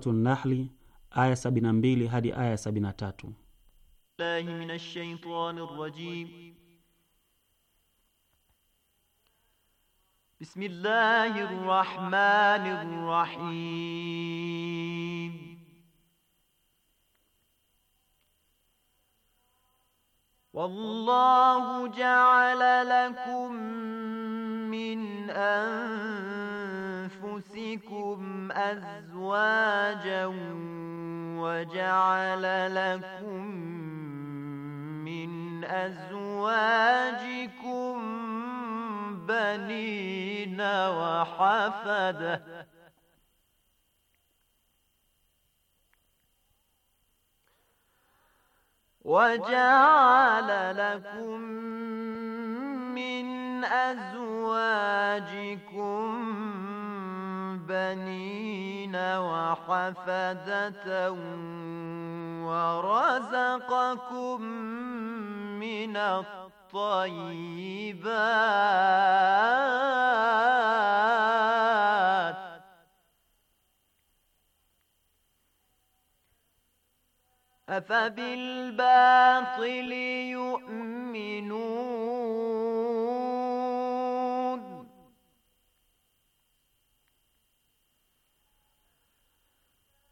Suratu Nahli aya 72 hadi aya 73. Billahi minash shaitanir rajim. Bismillahir rahmanir rahim. Wallahu ja'ala lakum min an يُمْسِكُكُمْ أَزْوَاجًا وَجَعَلَ لَكُم مِّنْ أَزْوَاجِكُمْ بَنِينَ وَحَفَدَةً وجعل لكم من أزواجكم وبنين وحفدة ورزقكم من الطيبات أفبالباطل يؤمنون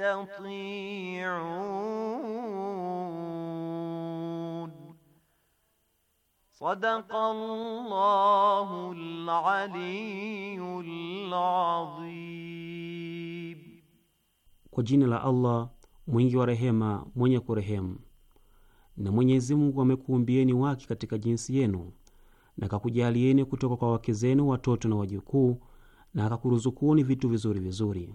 تستطيعون صدق الله العلي Kwa jina la Allah mwingi wa rehema, mwenye kurehemu. Na Mwenyezi Mungu amekuumbieni wake katika jinsi yenu na akakujalieni kutoka kwa wake zenu watoto na wajukuu na akakuruzukuni vitu vizuri vizuri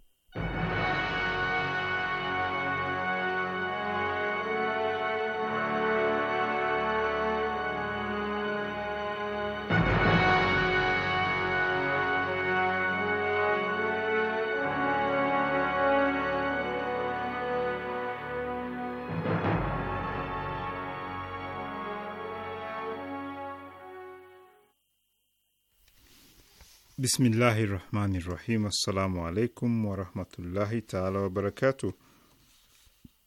Bismillahi rahmani rahim. Assalamu alaikum warahmatullahi taala wabarakatu.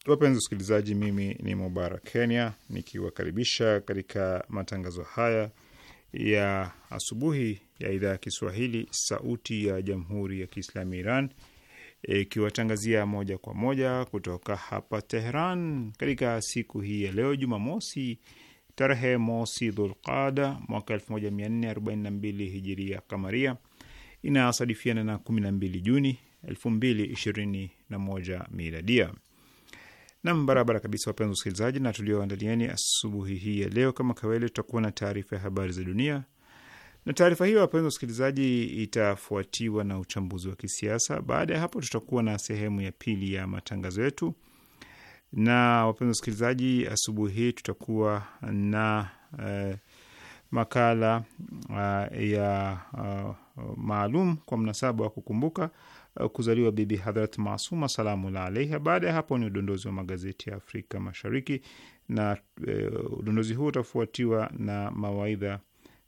Wapenzi wasikilizaji, mimi ni Mubarak Kenya nikiwakaribisha katika matangazo haya ya asubuhi ya idhaa ya Kiswahili sauti ya jamhuri ya Kiislami Iran ikiwatangazia e, moja kwa moja kutoka hapa Tehran katika siku hii ya leo Jumamosi tarehe mosi Dhulqada mwaka 1442 hijiria kamaria inasadifiana na 12 Juni 2021 miladia. Nam barabara kabisa, wapenzi wasikilizaji, na tulioandalieni asubuhi hii ya leo, kama kawaida, tutakuwa na taarifa ya habari za dunia, na taarifa hiyo, wapenzi wasikilizaji, itafuatiwa na uchambuzi wa kisiasa. Baada ya hapo, tutakuwa na sehemu ya pili ya matangazo yetu na wapenzi wasikilizaji, asubuhi hii tutakuwa na eh, makala uh, ya uh, maalum kwa mnasaba wa kukumbuka uh, kuzaliwa Bibi Hadhrat Masuma salamullah alaiha. Baada ya hapo ni udondozi wa magazeti ya Afrika Mashariki na eh, udondozi huu utafuatiwa na mawaidha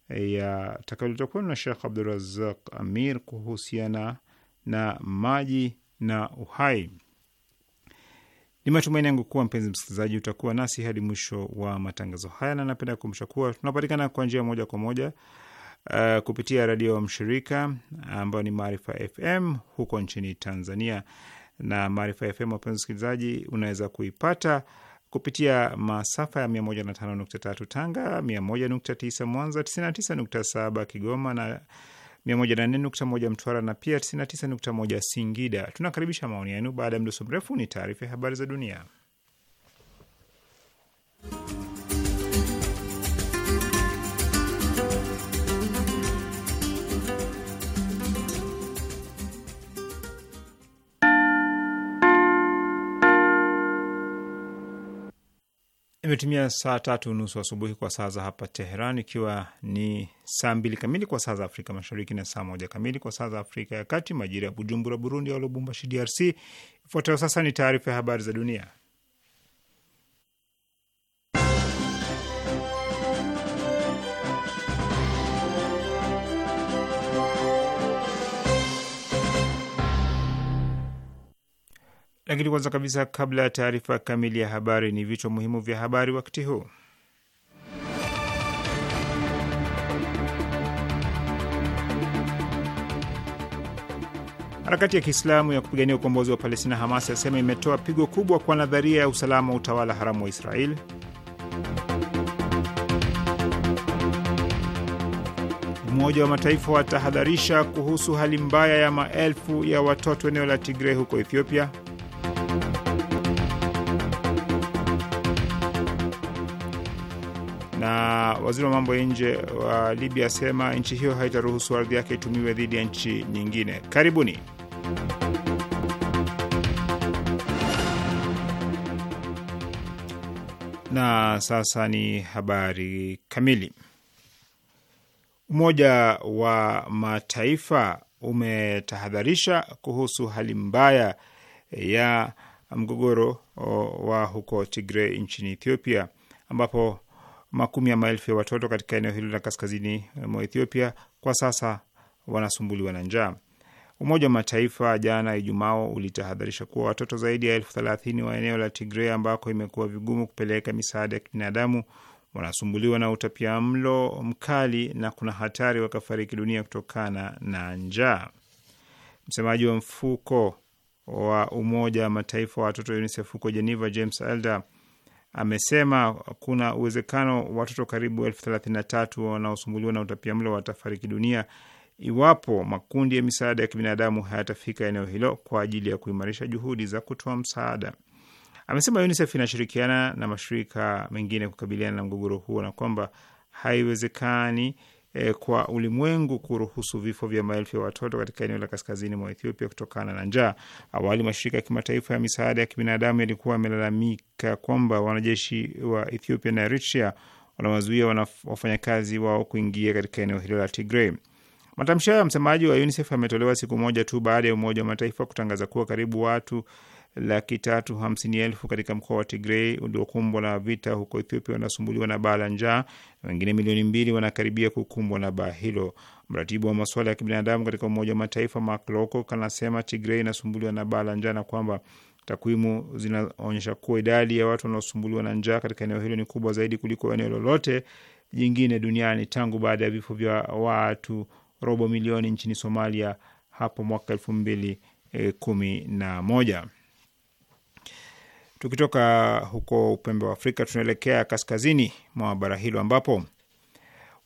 ya takaletwa kwenu na Shekh Abdurazaq Amir kuhusiana na maji na uhai. Ni matumaini yangu kuwa mpenzi msikilizaji utakuwa nasi hadi mwisho wa matangazo haya, na napenda kukumbusha kuwa tunapatikana kwa njia moja kwa moja uh, kupitia redio wa mshirika ambayo ni Maarifa FM huko nchini Tanzania. Na Maarifa FM, wapenzi msikilizaji, unaweza kuipata kupitia masafa ya 105.3 Tanga, 101.9 Mwanza, 99.7 Kigoma na 104.1 Mtwara na pia 99.1 Singida. Tunakaribisha maoni yenu. Baada ya mdoso mrefu, ni taarifa ya habari za dunia. Imetumia saa tatu nusu asubuhi kwa saa za hapa Teheran, ikiwa ni saa mbili kamili kwa saa za Afrika Mashariki na saa moja kamili kwa saa za Afrika ya Kati, majira ya Bujumbura, Burundi, au Lubumbashi, DRC. Ifuatayo sasa ni taarifa ya habari za dunia. Lakini kwanza kabisa, kabla ya taarifa kamili ya habari, ni vichwa muhimu vya habari wakati huu. Harakati ya Kiislamu ya kupigania ukombozi wa Palestina, Hamas, yasema imetoa pigo kubwa kwa nadharia ya usalama wa utawala haramu wa Israeli. Umoja wa Mataifa watahadharisha kuhusu hali mbaya ya maelfu ya watoto eneo la Tigrei huko Ethiopia. na waziri wa mambo ya nje wa Libya asema nchi hiyo haitaruhusu ardhi yake itumiwe dhidi ya nchi nyingine. Karibuni. Na sasa ni habari kamili. Umoja wa Mataifa umetahadharisha kuhusu hali mbaya ya mgogoro wa huko Tigray nchini Ethiopia ambapo makumi ya maelfu ya watoto katika eneo hilo la kaskazini eh, mwa Ethiopia kwa sasa wanasumbuliwa na njaa. Umoja wa Mataifa jana Ijumaa ulitahadharisha kuwa watoto zaidi ya elfu thelathini wa eneo la tigre ambako imekuwa vigumu kupeleka misaada ya kibinadamu wanasumbuliwa na utapia mlo mkali na kuna hatari wakafariki dunia kutokana na njaa. Msemaji wa mfuko wa Umoja wa Mataifa wa watoto UNICEF huko Geneva, James Elder amesema kuna uwezekano watoto karibu elfu thelathini na tatu wanaosumbuliwa na utapiamlo watafariki dunia iwapo makundi ya misaada ya kibinadamu hayatafika eneo hilo kwa ajili ya kuimarisha juhudi za kutoa msaada. Amesema UNICEF inashirikiana na mashirika mengine kukabiliana na mgogoro huo na kwamba haiwezekani e, kwa ulimwengu kuruhusu vifo vya maelfu ya watoto katika eneo la kaskazini mwa Ethiopia kutokana na njaa. Awali mashirika ya kimataifa ya misaada ya kibinadamu yalikuwa yamelalamika kwamba wanajeshi wa Ethiopia na Eritrea wanawazuia wafanyakazi wao kuingia katika eneo hilo la Tigray. Matamshi hayo ya msemaji wa UNICEF yametolewa siku moja tu baada ya Umoja wa Mataifa kutangaza kuwa karibu watu laki tatu hamsini elfu katika mkoa wa Tigrei uliokumbwa na vita huko Ethiopia wanasumbuliwa na baa la njaa, na wengine milioni mbili wanakaribia kukumbwa na baa hilo. Mratibu wa masuala ya kibinadamu katika Umoja wa Mataifa Mark Lowcock anasema Tigrei inasumbuliwa na baa la njaa na kwamba takwimu zinaonyesha kuwa idadi ya watu wanaosumbuliwa na njaa katika eneo hilo ni kubwa zaidi kuliko eneo lolote jingine duniani tangu baada ya vifo vya watu robo milioni nchini Somalia hapo mwaka elfu mbili eh, kumi na moja. Tukitoka huko upembe wa Afrika tunaelekea kaskazini mwa bara hilo ambapo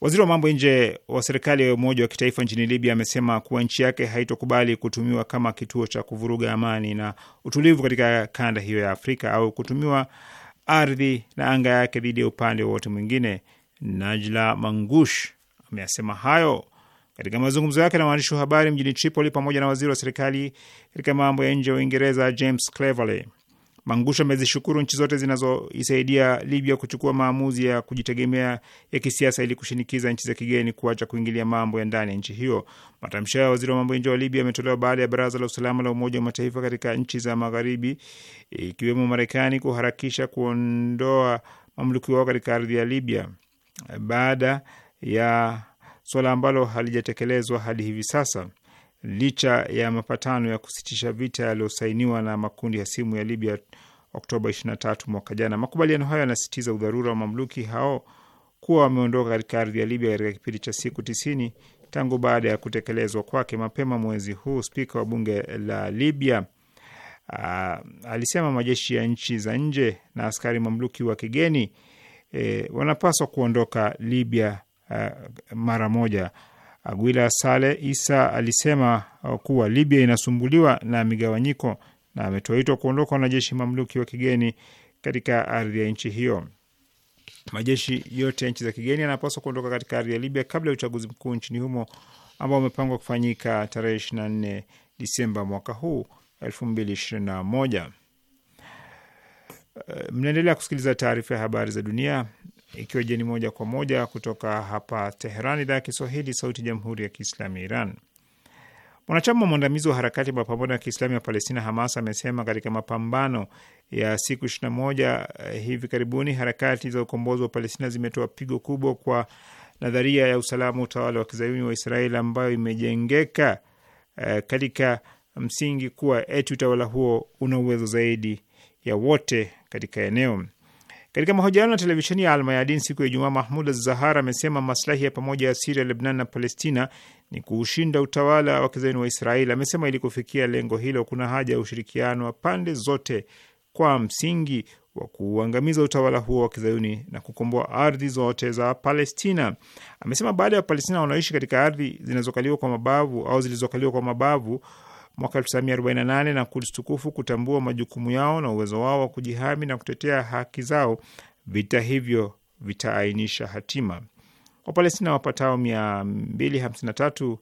waziri wa mambo nje wa serikali ya umoja wa kitaifa nchini Libya amesema kuwa nchi yake haitokubali kutumiwa kama kituo cha kuvuruga amani na utulivu katika kanda hiyo ya Afrika au kutumiwa ardhi na anga yake dhidi ya upande wowote mwingine. Najla Mangush ameyasema hayo katika mazungumzo yake na waandishi wa habari mjini Tripoli pamoja na waziri wa serikali katika mambo ya nje wa Uingereza James Cleverly. Mangusha amezishukuru nchi zote zinazoisaidia Libya kuchukua maamuzi ya kujitegemea ya kisiasa ili kushinikiza nchi za kigeni kuacha kuingilia mambo ya ndani ya nchi hiyo. Matamshi hayo ya waziri wa mambo ya nje wa Libya ametolewa baada ya baraza la usalama la Umoja wa Mataifa katika nchi za magharibi ikiwemo Marekani kuharakisha kuondoa mamluki wao katika ardhi ya Libya baada ya suala ambalo halijatekelezwa hadi hivi sasa licha ya mapatano ya kusitisha vita yaliyosainiwa na makundi ya simu ya Libya Oktoba 23 mwaka jana. Makubaliano hayo yanasisitiza udharura wa mamluki hao kuwa wameondoka katika ardhi ya Libya katika kipindi cha siku tisini tangu baada ya kutekelezwa kwake. Mapema mwezi huu, spika wa bunge la Libya uh, alisema majeshi ya nchi za nje na askari mamluki wa kigeni eh, wanapaswa kuondoka Libya uh, mara moja. Aguila Sale Isa alisema kuwa Libya inasumbuliwa na migawanyiko na ametoa wito kuondoka wanajeshi mamluki wa kigeni katika ardhi ya nchi hiyo. Majeshi yote ya nchi za kigeni yanapaswa kuondoka katika ardhi ya Libya kabla ya uchaguzi mkuu nchini humo ambao umepangwa kufanyika tarehe 24 Disemba mwaka huu 2021. Eh, mnaendelea kusikiliza taarifa ya habari za dunia ikiwa jeni moja kwa moja kutoka hapa Teheran, idhaa ya Kiswahili, sauti ya jamhuri ya kiislamu ya Iran. Mwanachama mwandamizi wa harakati mapambano ya kiislamu ya Palestina, Hamas, amesema katika mapambano ya siku 21 eh, hivi karibuni, harakati za ukombozi wa Palestina zimetoa pigo kubwa kwa nadharia ya usalama utawala wa kizayuni wa Israeli ambayo imejengeka uh, katika msingi kuwa eti utawala huo una uwezo zaidi ya wote katika eneo. Katika mahojiano na televisheni ya Almayadin siku ya Ijumaa, Mahmud azahar amesema maslahi ya pamoja ya Siria, Lebnan na Palestina ni kuushinda utawala wa kizayuni wa Israeli. Amesema ili kufikia lengo hilo, kuna haja ya ushirikiano wa pande zote kwa msingi wa kuuangamiza utawala huo wa kizayuni na kukomboa ardhi zote za Palestina. Amesema baada ya Wapalestina wanaoishi katika ardhi zinazokaliwa kwa mabavu au zilizokaliwa kwa mabavu mwaka 1948 na Kuds tukufu kutambua majukumu yao na uwezo wao wa kujihami na kutetea haki zao, vita hivyo vitaainisha hatima. Wapalestina wapatao 253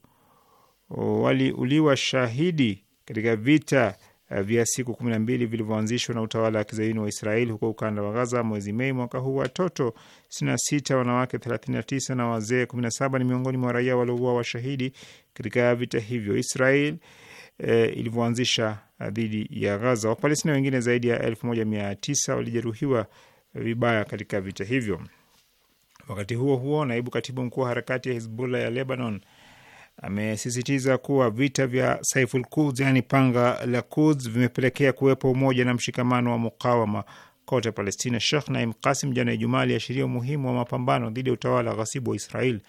waliuliwa shahidi katika vita vya siku 12 vilivyoanzishwa na utawala wa kizaini wa Israeli huko ukanda wa Gaza mwezi Mei mwaka huu. Watoto 66, wanawake 39 na wazee 17 ni miongoni mwa raia waliouawa washahidi katika vita hivyo. Israel e, ilivyoanzisha eh, dhidi ya Gaza. Wapalestina wengine zaidi ya elfu moja mia tisa walijeruhiwa vibaya katika vita hivyo. Wakati huo huo, naibu katibu mkuu wa harakati ya Hizbullah ya Lebanon amesisitiza kuwa vita vya Saiful Quds, yaani panga la Quds, vimepelekea kuwepo umoja na mshikamano wa mukawama kote Palestina. Sheikh Naim Qasim jana Ijumaa aliashiria umuhimu wa mapambano dhidi ya utawala ghasibu wa Israel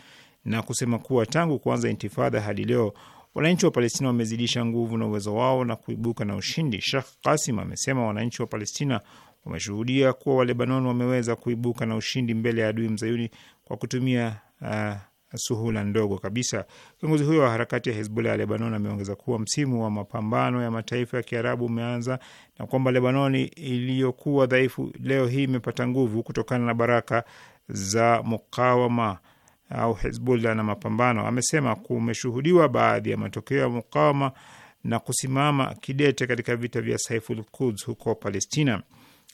na kusema kuwa tangu kuanza intifadha hadi leo Wananchi wa Palestina wamezidisha nguvu na uwezo wao na kuibuka na ushindi. Sheikh Kasim amesema wananchi wa Palestina wameshuhudia kuwa Walebanon wameweza kuibuka na ushindi mbele ya adui mzayuni kwa kutumia uh, suhula ndogo kabisa. Kiongozi huyo wa harakati ya Hezbollah ya Lebanon ameongeza kuwa msimu wa mapambano ya mataifa ya Kiarabu umeanza na kwamba Lebanon iliyokuwa dhaifu leo hii imepata nguvu kutokana na baraka za mukawama au Hizbullah na mapambano. Amesema kumeshuhudiwa baadhi ya matokeo ya mukawama na kusimama kidete katika vita vya Saiful Quds huko Palestina.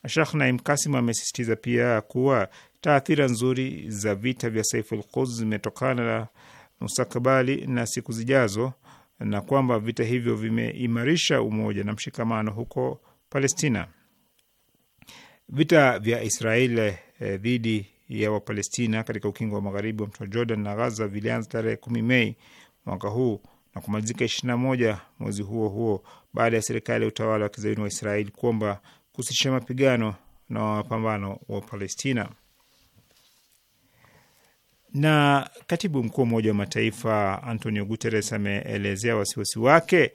Shekh Naim Kasim amesisitiza pia kuwa taathira nzuri za vita vya Saiful Quds zimetokana na mustakabali na siku zijazo na kwamba vita hivyo vimeimarisha umoja na mshikamano huko Palestina. Vita vya Israeli eh, dhidi ya Wapalestina katika ukingo wa magharibi wa mto Jordan na Ghaza vilianza tarehe kumi Mei mwaka huu na kumalizika ishirini na moja mwezi huo huo baada ya serikali ya utawala wa kizayuni wa Israeli kuomba kusitisha mapigano na mapambano wa Palestina. Na katibu mkuu wa Umoja wa Mataifa Antonio Guterres ameelezea wasiwasi wake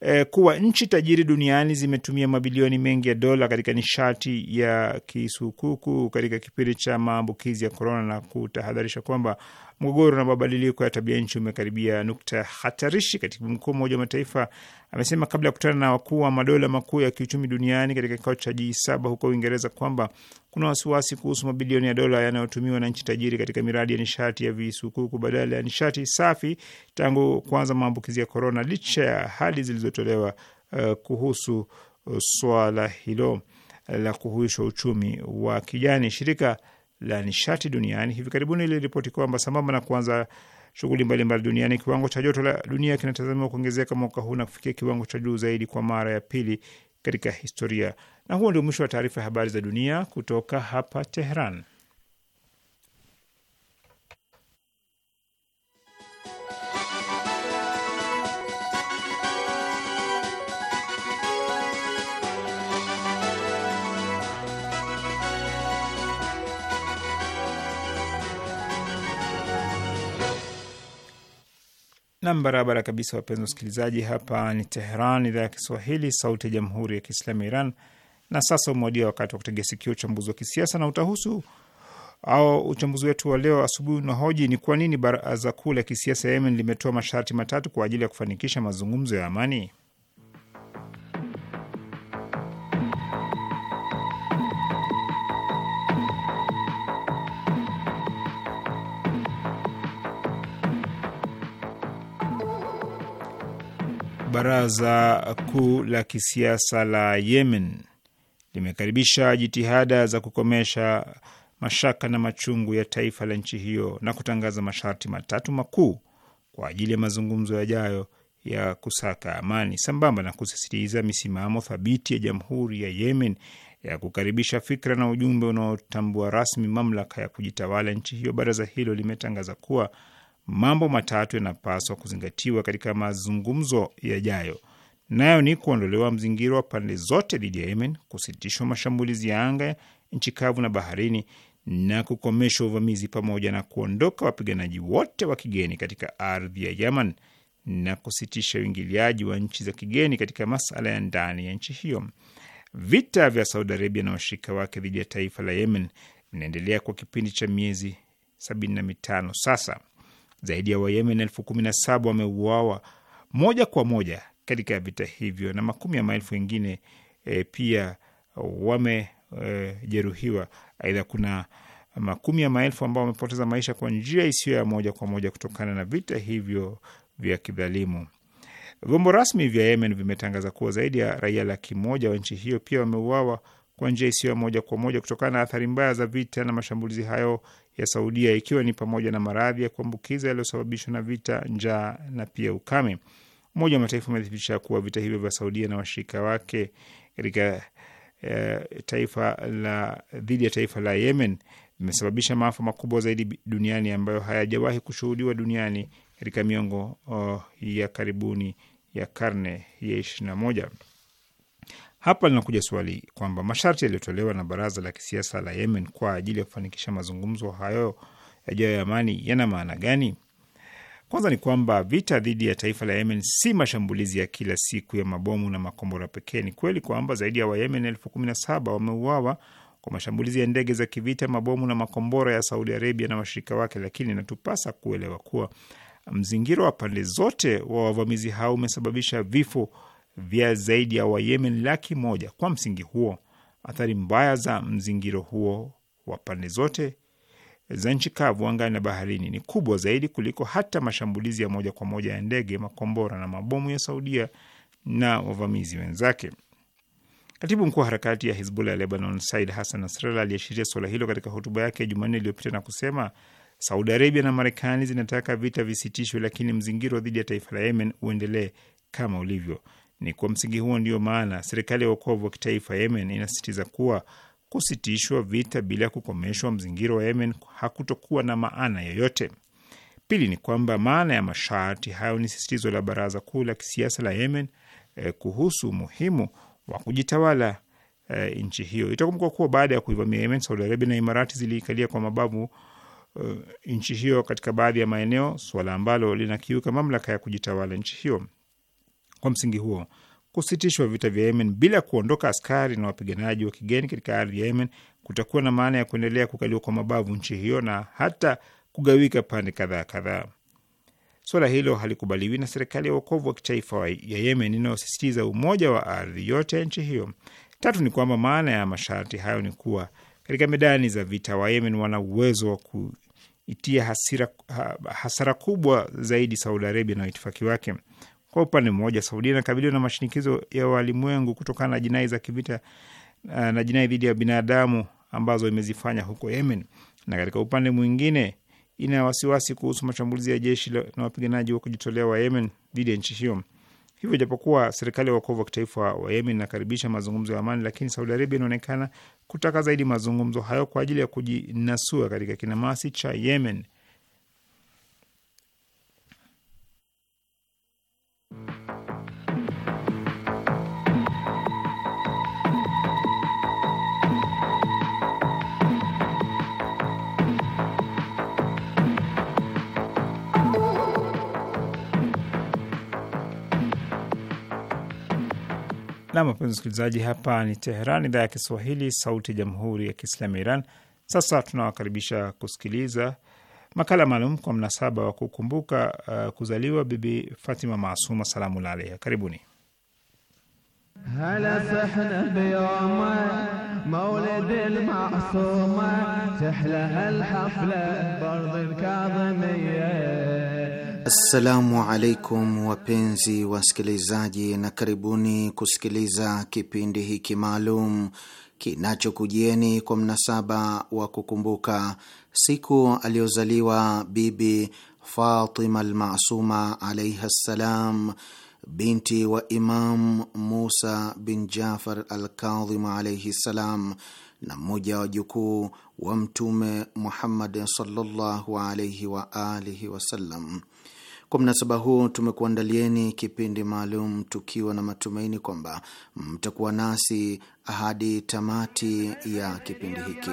eh, kuwa nchi tajiri duniani zimetumia mabilioni mengi ya dola katika nishati ya kisukuku katika kipindi cha maambukizi ya korona na kutahadharisha kwamba mgogoro na mabadiliko ya tabia nchi umekaribia nukta hatarishi. Katibu mkuu mmoja Umoja wa Mataifa amesema kabla ya kukutana na wakuu wa madola makuu ya kiuchumi duniani katika kikao cha G7 huko Uingereza kwamba kuna wasiwasi kuhusu mabilioni ya dola yanayotumiwa na nchi tajiri katika miradi ya nishati ya visukuku badala ya nishati safi tangu kuanza maambukizi ya korona, licha ya hali zilizotolewa uh, kuhusu uh, swala hilo eh, la kuhuishwa uchumi wa kijani. Shirika la nishati duniani hivi karibuni liliripoti kwamba sambamba na kuanza shughuli mbalimbali duniani, kiwango cha joto la dunia kinatazamiwa kuongezeka mwaka huu na kufikia kiwango cha juu zaidi kwa mara ya pili katika historia. Na huo ndio mwisho wa taarifa ya habari za dunia kutoka hapa teheran Nam, barabara kabisa, wapenzi wasikilizaji, hapa ni Teheran, idhaa ya Kiswahili, sauti ya jamhuri ya kiislamu ya Iran. Na sasa umewadia wakati wa kutega sikio uchambuzi wa kisiasa, na utahusu au uchambuzi wetu wa leo asubuhi unahoji ni kwa nini baraza kuu la kisiasa ya Yemen limetoa masharti matatu kwa ajili ya kufanikisha mazungumzo ya amani. Baraza Kuu la Kisiasa la Yemen limekaribisha jitihada za kukomesha mashaka na machungu ya taifa la nchi hiyo na kutangaza masharti matatu makuu kwa ajili ya mazungumzo yajayo ya kusaka amani, sambamba na kusisitiza misimamo thabiti ya Jamhuri ya Yemen ya kukaribisha fikra na ujumbe unaotambua rasmi mamlaka ya kujitawala nchi hiyo. Baraza hilo limetangaza kuwa mambo matatu yanapaswa kuzingatiwa katika mazungumzo yajayo, nayo ni kuondolewa mzingiro wa pande zote dhidi ya Yemen, kusitishwa mashambulizi ya anga, nchi kavu na baharini, na kukomeshwa uvamizi, pamoja na kuondoka wapiganaji wote wa kigeni katika ardhi ya Yemen na kusitisha uingiliaji wa nchi za kigeni katika masala ya ndani ya nchi hiyo. Vita vya Saudi Arabia na washirika wake dhidi ya taifa la Yemen vinaendelea kwa kipindi cha miezi sabini na mitano sasa. Zaidi ya Wayemen elfu kumi na saba wameuawa moja kwa moja katika vita hivyo na makumi ya maelfu wengine e, pia wamejeruhiwa. E, aidha kuna makumi ya maelfu ambao wamepoteza maisha kwa njia isiyo ya moja kwa moja kutokana na vita hivyo vya kidhalimu. Vyombo rasmi vya Yemen vimetangaza kuwa zaidi ya raia laki moja wa nchi hiyo pia wameuawa kwa njia isiyo ya moja kwa moja kutokana na athari mbaya za vita na mashambulizi hayo ya Saudia, ikiwa ni pamoja na maradhi ya kuambukiza yaliyosababishwa na vita, njaa na pia ukame. Umoja wa Mataifa umethibitisha kuwa vita hivyo vya Saudia na washirika wake katika e, taifa la dhidi ya taifa la Yemen vimesababisha maafa makubwa zaidi duniani ambayo hayajawahi kushuhudiwa duniani katika miongo oh, ya karibuni ya karne ya ishirini na moja. Hapa linakuja swali kwamba masharti yaliyotolewa na baraza la kisiasa la Yemen kwa ajili ya kufanikisha mazungumzo hayo yajayo ya amani yana maana gani? Kwanza ni kwamba vita dhidi ya taifa la Yemen si mashambulizi ya kila siku ya mabomu na makombora pekee. Ni kweli kwamba zaidi ya Wayemen elfu kumi na saba wameuawa kwa mashambulizi ya ndege za kivita, mabomu na makombora ya Saudi Arabia na washirika wake, lakini inatupasa kuelewa kuwa mzingiro wa pande zote wa wavamizi hao umesababisha vifo vya zaidi ya Wayemen laki moja. Kwa msingi huo, athari mbaya za mzingiro huo wa pande zote za nchi kavu, angani na baharini ni kubwa zaidi kuliko hata mashambulizi ya moja kwa moja ya ndege, makombora na mabomu ya Saudia na wavamizi wenzake. Katibu mkuu wa harakati ya Hizbullah ya Lebanon, Said Hassan Nasrallah, aliashiria suala hilo katika hotuba yake Jumanne iliyopita na kusema Saudi Arabia na Marekani zinataka vita visitishwe, lakini mzingiro dhidi ya taifa la Yemen uendelee kama ulivyo. Ni kwa msingi huo ndiyo maana serikali ya wokovu wa kitaifa Yemen inasisitiza kuwa kusitishwa vita bila kukomeshwa mzingiro wa Yemen hakutokuwa na maana yoyote. Pili ni kwamba maana ya masharti hayo ni sisitizo la baraza kuu la kisiasa la Yemen eh, kuhusu umuhimu wa kujitawala eh, nchi hiyo. Itakumbukwa kuwa baada ya kuivamia Yemen, Saudi Arabia na Imarati ziliikalia kwa mabavu eh, nchi hiyo katika baadhi ya maeneo, suala ambalo linakiuka mamlaka ya kujitawala nchi hiyo. Kwa msingi huo, kusitishwa vita vya Yemen bila kuondoka askari na wapiganaji wa kigeni katika ardhi ya Yemen kutakuwa na maana ya kuendelea kukaliwa kwa mabavu nchi hiyo na hata kugawika pande kadhaa kadhaa. Suala hilo halikubaliwi na serikali ya uokovu wa kitaifa ya Yemen inayosisitiza umoja wa ardhi yote ya nchi hiyo. Tatu ni kwamba maana ya masharti hayo ni kuwa katika medani za vita wa Yemen wana uwezo wa kuitia hasira, ha, hasara kubwa zaidi Saudi Arabia na waitifaki wake. Kwa upande mmoja, Saudia inakabiliwa na mashinikizo ya walimwengu kutokana na jinai za kivita eh, na jinai dhidi ya binadamu ambazo imezifanya huko Yemen, na katika upande mwingine ina wasiwasi kuhusu mashambulizi ya jeshi na wapiganaji wa kujitolea wa Yemen dhidi ya nchi hiyo. Hivyo, japokuwa serikali ya wokovu wa kitaifa wa Yemen inakaribisha mazungumzo ya amani, lakini Saudi Arabia inaonekana kutaka zaidi mazungumzo hayo kwa ajili ya kujinasua katika kinamasi cha Yemen. Na wapenzi msikilizaji, hapa ni Teheran, idhaa ya Kiswahili, sauti ya jamhuri ya kiislamu ya Iran. Sasa tunawakaribisha kusikiliza makala maalum kwa mnasaba wa kukumbuka uh, kuzaliwa Bibi Fatima Maasuma salamu alaiha. Karibuni. Assalamu alaikum wapenzi wasikilizaji, na karibuni kusikiliza kipindi hiki maalum kinachokujieni kwa mnasaba wa kukumbuka siku aliyozaliwa Bibi Fatima Almasuma alaihi ssalam, binti wa Imam Musa bin Jafar Alkadhim alaihi ssalam, na mmoja wa jukuu wa Mtume Muhammad sallallahu alaihi waalihi wasallam. Kwa mnasaba huu tumekuandalieni kipindi maalum tukiwa na matumaini kwamba mtakuwa nasi hadi tamati ya kipindi hiki.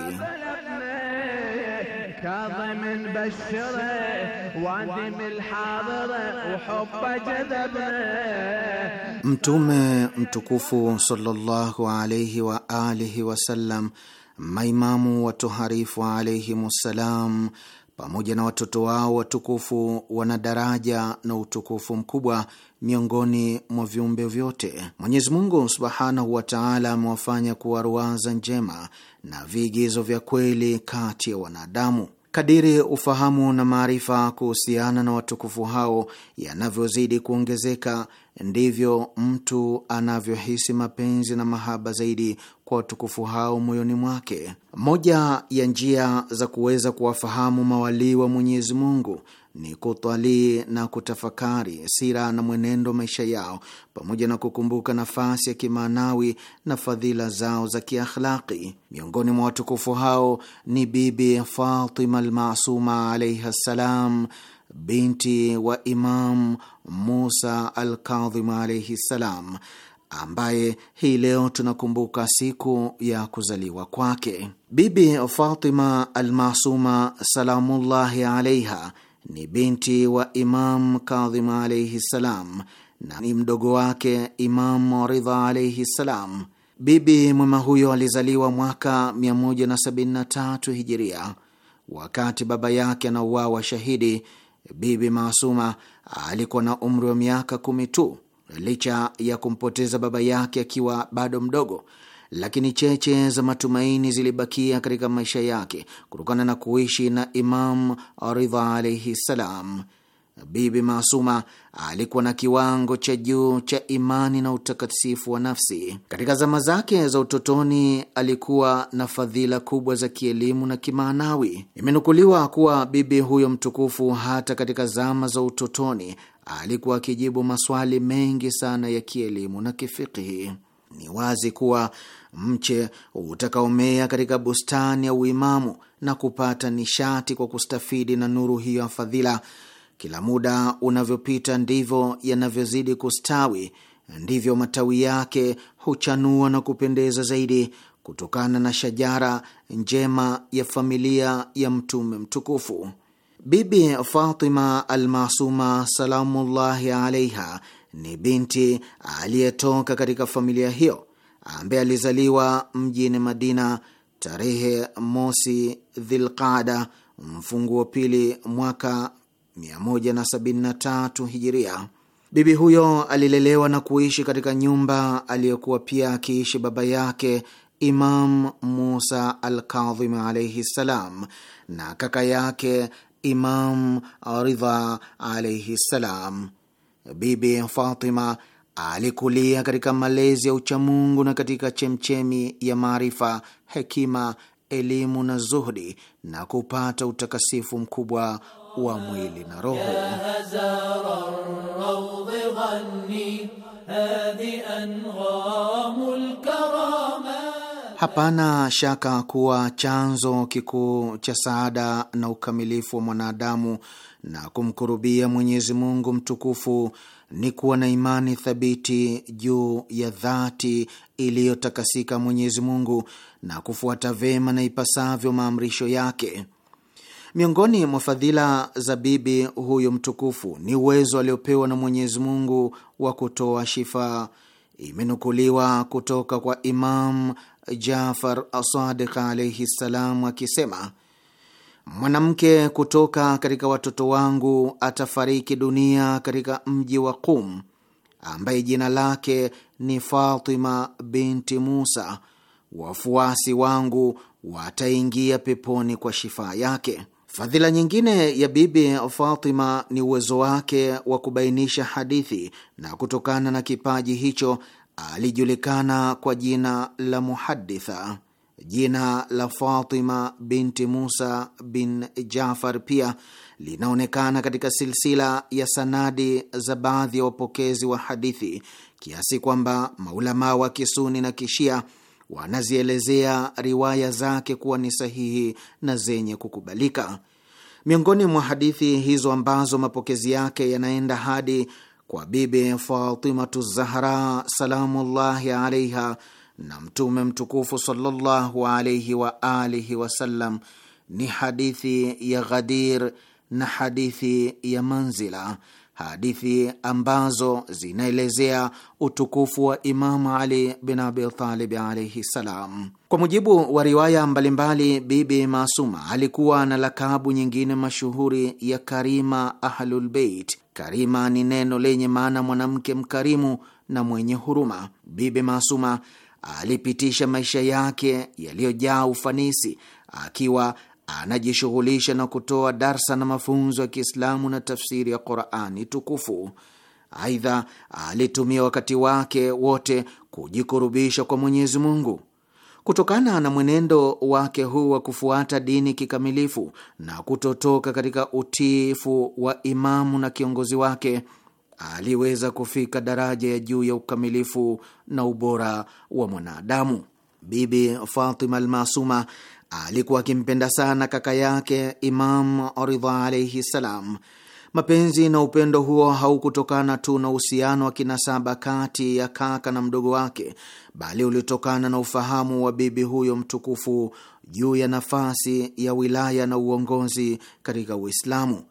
Mtume mtukufu sallallahu alaihi wa alihi wasallam, maimamu watoharifu alaihim ssalam pamoja na watoto wao watukufu wana daraja na utukufu mkubwa miongoni mwa viumbe vyote. Mwenyezi Mungu subhanahu wa taala amewafanya kuwa ruwaza njema na viigizo vya kweli kati ya wanadamu. Kadiri ufahamu na maarifa kuhusiana na watukufu hao yanavyozidi kuongezeka, ndivyo mtu anavyohisi mapenzi na mahaba zaidi kwa watukufu hao moyoni mwake. Moja ya njia za kuweza kuwafahamu mawalii wa Mwenyezi Mungu ni kutwalii na kutafakari sira na mwenendo maisha yao pamoja na kukumbuka nafasi ya kimaanawi na fadhila zao za kiakhlaqi. Miongoni mwa watukufu hao ni Bibi Fatima Almasuma alaihi ssalam, binti wa Imam Musa Alkadhim alaihi ssalam, ambaye hii leo tunakumbuka siku ya kuzaliwa kwake. Bibi Fatima Almasuma salamullahi alaiha ni binti wa Imam Kadhim alaihi ssalam na ni mdogo wake Imam Ridha alaihi ssalam. Bibi mwema huyo alizaliwa mwaka 173 hijiria. Wakati baba yake anauawa shahidi, Bibi Maasuma alikuwa na umri wa miaka kumi tu. Licha ya kumpoteza baba yake akiwa bado mdogo, lakini cheche za matumaini zilibakia katika maisha yake kutokana na kuishi na Imam Ridha alaihi ssalam. Bibi Maasuma alikuwa na kiwango cha juu cha imani na utakatifu wa nafsi. Katika zama zake za utotoni, alikuwa na fadhila kubwa za kielimu na kimaanawi. Imenukuliwa kuwa bibi huyo mtukufu, hata katika zama za utotoni, alikuwa akijibu maswali mengi sana ya kielimu na kifikihi ni wazi kuwa mche utakaomea katika bustani ya uimamu na kupata nishati kwa kustafidi na nuru hiyo ya fadhila, kila muda unavyopita ndivyo yanavyozidi kustawi, ndivyo matawi yake huchanua na kupendeza zaidi kutokana na shajara njema ya familia ya Mtume mtukufu Bibi Fatima Almasuma salamullahi alaiha ni binti aliyetoka katika familia hiyo ambaye alizaliwa mjini Madina tarehe mosi Dhilqada mfunguo pili mwaka 173 hijiria. Bibi huyo alilelewa na kuishi katika nyumba aliyokuwa pia akiishi baba yake Imam Musa Alkadhim alaihi ssalam na kaka yake Imam Ridha alaihi ssalam. Bibi Fatima alikulia katika malezi ya uchamungu na katika chemchemi ya maarifa, hekima, elimu na zuhdi na kupata utakasifu mkubwa wa mwili na roho. Hapana shaka kuwa chanzo kikuu cha saada na ukamilifu wa mwanadamu na kumkurubia Mwenyezi Mungu mtukufu ni kuwa na imani thabiti juu ya dhati iliyotakasika Mwenyezi Mungu na kufuata vema na ipasavyo maamrisho yake. Miongoni mwa fadhila za bibi huyo mtukufu ni uwezo aliopewa na Mwenyezi Mungu wa kutoa shifa. Imenukuliwa kutoka kwa Imam Jafar Sadiq alaihi ssalam akisema Mwanamke kutoka katika watoto wangu atafariki dunia katika mji wa Qum, ambaye jina lake ni Fatima binti Musa. Wafuasi wangu wataingia peponi kwa shifaa yake. Fadhila nyingine ya Bibi Fatima ni uwezo wake wa kubainisha hadithi, na kutokana na kipaji hicho alijulikana kwa jina la Muhaditha. Jina la Fatima binti Musa bin Jafar pia linaonekana katika silsila ya sanadi za baadhi ya wapokezi wa hadithi kiasi kwamba maulamaa wa Kisuni na Kishia wanazielezea riwaya zake kuwa ni sahihi na zenye kukubalika. Miongoni mwa hadithi hizo ambazo mapokezi yake yanaenda hadi kwa Bibi Fatimatu Zahra salamullahi alaiha na Mtume mtukufu sallallahu alaihi wa alihi wasallam ni hadithi ya Ghadir na hadithi ya Manzila, hadithi ambazo zinaelezea utukufu wa Imamu Ali bin Abi Talib alaihi salam. Kwa mujibu wa riwaya mbalimbali, Bibi Masuma alikuwa na lakabu nyingine mashuhuri ya Karima Ahlulbeit. Karima ni neno lenye maana mwanamke mkarimu na mwenye huruma. Bibi Masuma alipitisha maisha yake yaliyojaa ufanisi akiwa anajishughulisha na kutoa darsa na mafunzo ya Kiislamu na tafsiri ya Qurani Tukufu. Aidha, alitumia wakati wake wote kujikurubisha kwa Mwenyezi Mungu. Kutokana na mwenendo wake huu wa kufuata dini kikamilifu na kutotoka katika utiifu wa imamu na kiongozi wake aliweza kufika daraja ya juu ya ukamilifu na ubora wa mwanadamu. Bibi Fatima Almasuma alikuwa akimpenda sana kaka yake Imam Ridha alaihi ssalam. Mapenzi na upendo huo haukutokana tu na uhusiano wa kinasaba kati ya kaka na mdogo wake, bali ulitokana na ufahamu wa bibi huyo mtukufu juu ya nafasi ya wilaya na uongozi katika Uislamu.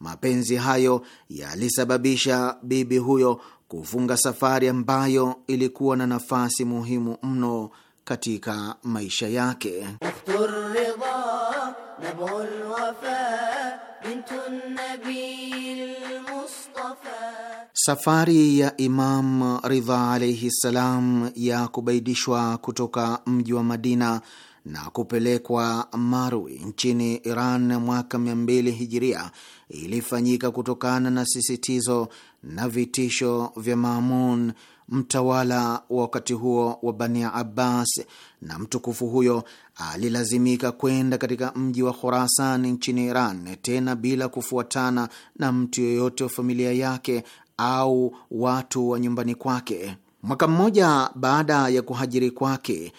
Mapenzi hayo yalisababisha bibi huyo kufunga safari ambayo ilikuwa na nafasi muhimu mno katika maisha yake. Safari ya Imam Ridha alaihi ssalam ya kubaidishwa kutoka mji wa Madina na kupelekwa Marwi nchini Iran mwaka mia mbili hijiria ilifanyika kutokana na sisitizo na vitisho vya Mamun, mtawala wa wakati huo wa Bani Abbas, na mtukufu huyo alilazimika kwenda katika mji wa Khurasan nchini Iran, tena bila kufuatana na mtu yoyote wa familia yake au watu wa nyumbani kwake. Mwaka mmoja baada ya kuhajiri kwake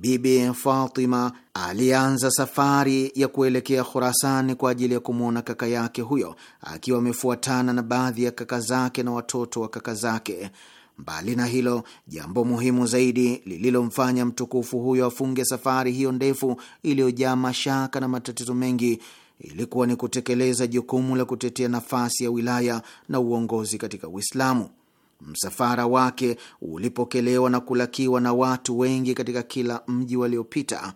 Bibi Fatima alianza safari ya kuelekea Khurasani kwa ajili ya kumwona kaka yake huyo, akiwa amefuatana na baadhi ya kaka zake na watoto wa kaka zake. Mbali na hilo, jambo muhimu zaidi lililomfanya mtukufu huyo afunge safari hiyo ndefu iliyojaa mashaka na matatizo mengi ilikuwa ni kutekeleza jukumu la kutetea nafasi ya wilaya na uongozi katika Uislamu. Msafara wake ulipokelewa na kulakiwa na watu wengi katika kila mji waliopita.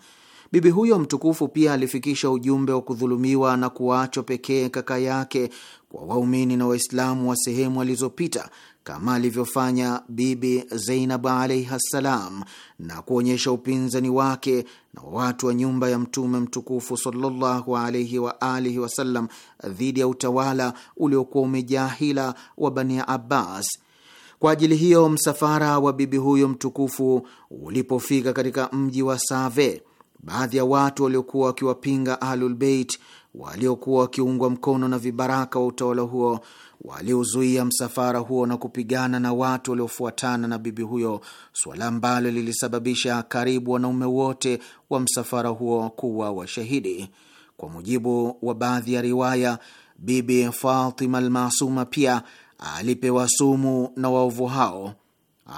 Bibi huyo mtukufu pia alifikisha ujumbe wa kudhulumiwa na kuachwa pekee kaka yake kwa waumini na Waislamu wa sehemu alizopita kama alivyofanya Bibi Zainab alaihi ssalam, na kuonyesha upinzani wake na watu wa nyumba ya Mtume mtukufu sallallahu alaihi wa alihi wasallam dhidi ya utawala uliokuwa umejaa hila wa Bani Abbas kwa ajili hiyo msafara wa bibi huyo mtukufu ulipofika katika mji wa Save, baadhi ya watu waliokuwa wakiwapinga Ahlulbeit waliokuwa wakiungwa mkono na vibaraka wa utawala huo waliuzuia msafara huo na kupigana na watu waliofuatana na bibi huyo, suala ambalo lilisababisha karibu wanaume wote wa msafara huo kuwa washahidi. Kwa mujibu wa baadhi ya riwaya, Bibi Fatima Almasuma pia alipewa sumu na waovu hao.